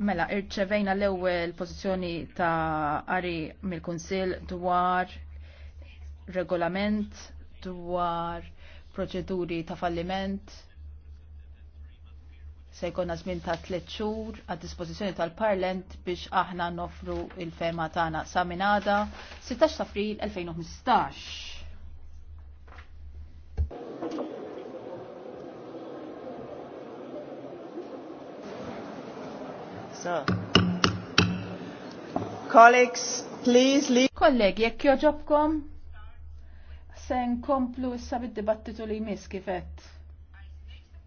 Mela, irċevejna l-ewwel pożizzjoni ta' Ari mill-Kunsill dwar regolament dwar proċeduri ta' falliment se jkollna żmien ta' tliet xhur għad dispożizzjoni tal-Parlament biex aħna nofru il-fema tagħna sa minn għada 16 ta' April 2015. Colleagues, please leave. Kollegi, jekk joġobkom, sen komplu issa bid-dibattitu li jmiss kifet.